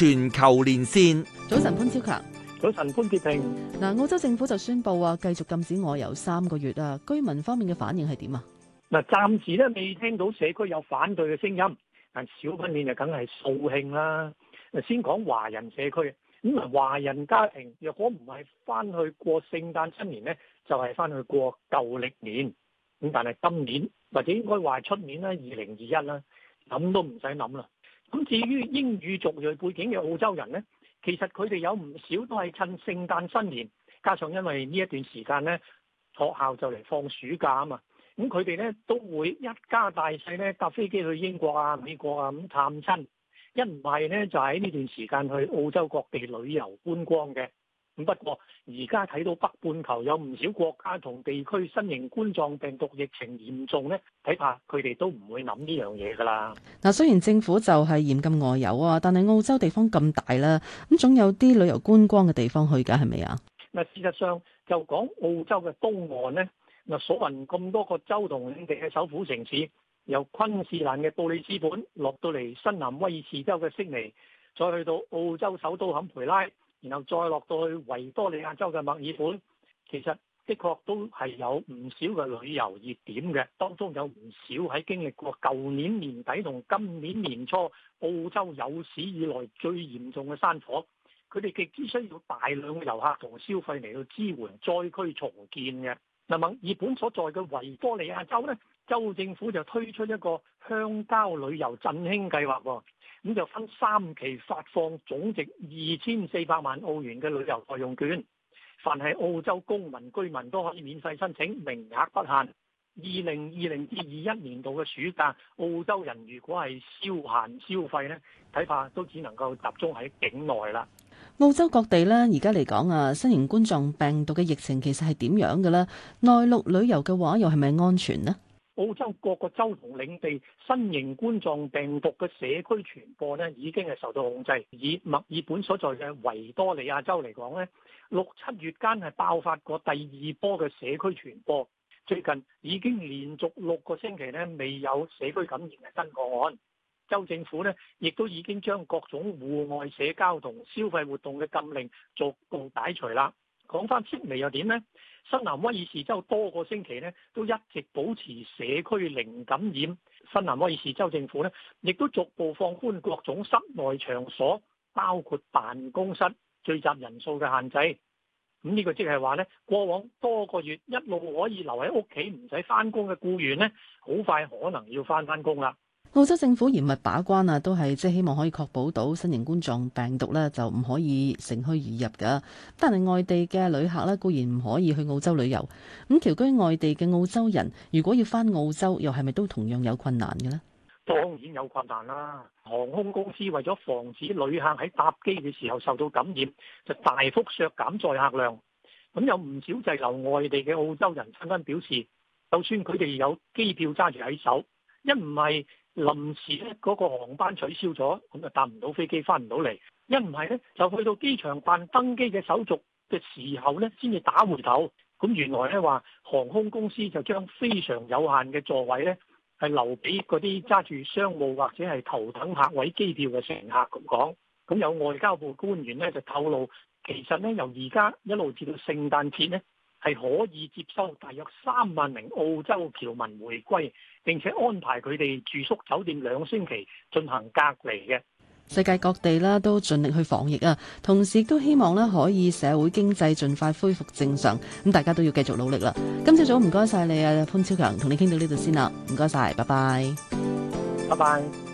全球連線，早晨潘昭強，早晨潘潔平。嗱，澳洲政府就宣布話繼續禁止外遊三個月啊。居民方面嘅反應係點啊？嗱，暫時咧未聽到社區有反對嘅聲音。但小品年就梗係掃興啦。先講華人社區，咁啊，華人家庭若果唔係翻去過聖誕新年咧，就係、是、翻去過舊曆年。咁但係今年或者應該話係出年啦，二零二一啦，諗都唔使諗啦。咁至於英語族裔背景嘅澳洲人呢，其實佢哋有唔少都係趁聖誕新年，加上因為呢一段時間呢，學校就嚟放暑假啊嘛，咁佢哋呢，都會一家大細呢，搭飛機去英國啊、美國啊咁探親，一唔係呢，就喺呢段時間去澳洲各地旅遊觀光嘅。不過而家睇到北半球有唔少國家同地區新型冠狀病毒疫情嚴重咧，睇怕佢哋都唔會諗呢樣嘢噶啦。嗱，雖然政府就係嚴禁外遊啊，但係澳洲地方咁大咧，咁總有啲旅遊觀光嘅地方去噶，係咪啊？乜事實上就講澳洲嘅東岸咧，嗱，數運咁多個州同領地嘅首府城市，由昆士蘭嘅布里斯本落到嚟新南威爾士州嘅悉尼，再去到澳洲首都坎培拉。然後再落到去維多利亞州嘅墨爾本，其實的確都係有唔少嘅旅遊熱點嘅，當中有唔少喺經歷過舊年年底同今年年初澳洲有史以來最嚴重嘅山火，佢哋極之需要大量嘅遊客同消費嚟到支援災區重建嘅。嗱，墨爾本所在嘅維多利亞州呢，州政府就推出一個鄉郊旅遊振興計劃喎。咁就分三期發放總值二千四百萬澳元嘅旅遊代用券，凡係澳洲公民居民都可以免費申請，名額不限。二零二零至二一年度嘅暑假，澳洲人如果係消閒消費呢，睇怕都只能夠集中喺境內啦。澳洲各地呢，而家嚟講啊，新型冠狀病毒嘅疫情其實係點樣嘅呢？內陸旅遊嘅話，又係咪安全呢？澳洲各個州同領地新型冠狀病毒嘅社區傳播咧，已經係受到控制。以墨爾本所在嘅維多利亞州嚟講咧，六七月間係爆發過第二波嘅社區傳播，最近已經連續六個星期咧，未有社區感染嘅新個案。州政府咧，亦都已經將各種戶外社交同消費活動嘅禁令逐步解除啦。講返切微又點呢？新南威爾士州多個星期咧，都一直保持社區零感染。新南威爾士州政府咧，亦都逐步放寬各種室內場所，包括辦公室聚集人數嘅限制。咁、嗯這個、呢個即係話呢，過往多個月一路可以留喺屋企唔使返工嘅僱員呢，好快可能要返返工啦。澳洲政府嚴密把關啊，都係即係希望可以確保到新型冠狀病毒咧就唔可以乘虛而入噶。但係外地嘅旅客咧固然唔可以去澳洲旅遊，咁僑居外地嘅澳洲人如果要翻澳洲，又係咪都同樣有困難嘅咧？當然有困難啦！航空公司為咗防止旅客喺搭機嘅時候受到感染，就大幅削減載客量。咁有唔少滯留外地嘅澳洲人紛紛表示，就算佢哋有機票揸住喺手，一唔係。臨時咧，嗰個航班取消咗，咁就搭唔到飛機，翻唔到嚟。一唔係呢，就去到機場辦登機嘅手續嘅時候呢，先至打回頭。咁原來咧話，航空公司就將非常有限嘅座位呢係留俾嗰啲揸住商務或者係頭等客位機票嘅乘客咁講。咁有外交部官員呢就透露，其實呢由而家一路至到聖誕節呢。係可以接收大約三萬名澳洲僑民回歸，並且安排佢哋住宿酒店兩星期進行隔離嘅。世界各地啦都盡力去防疫啊，同時都希望咧可以社會經濟盡快恢復正常。咁大家都要繼續努力啦。今朝早唔該晒你啊潘昭強，同你傾到呢度先啦，唔該晒，拜拜，拜拜。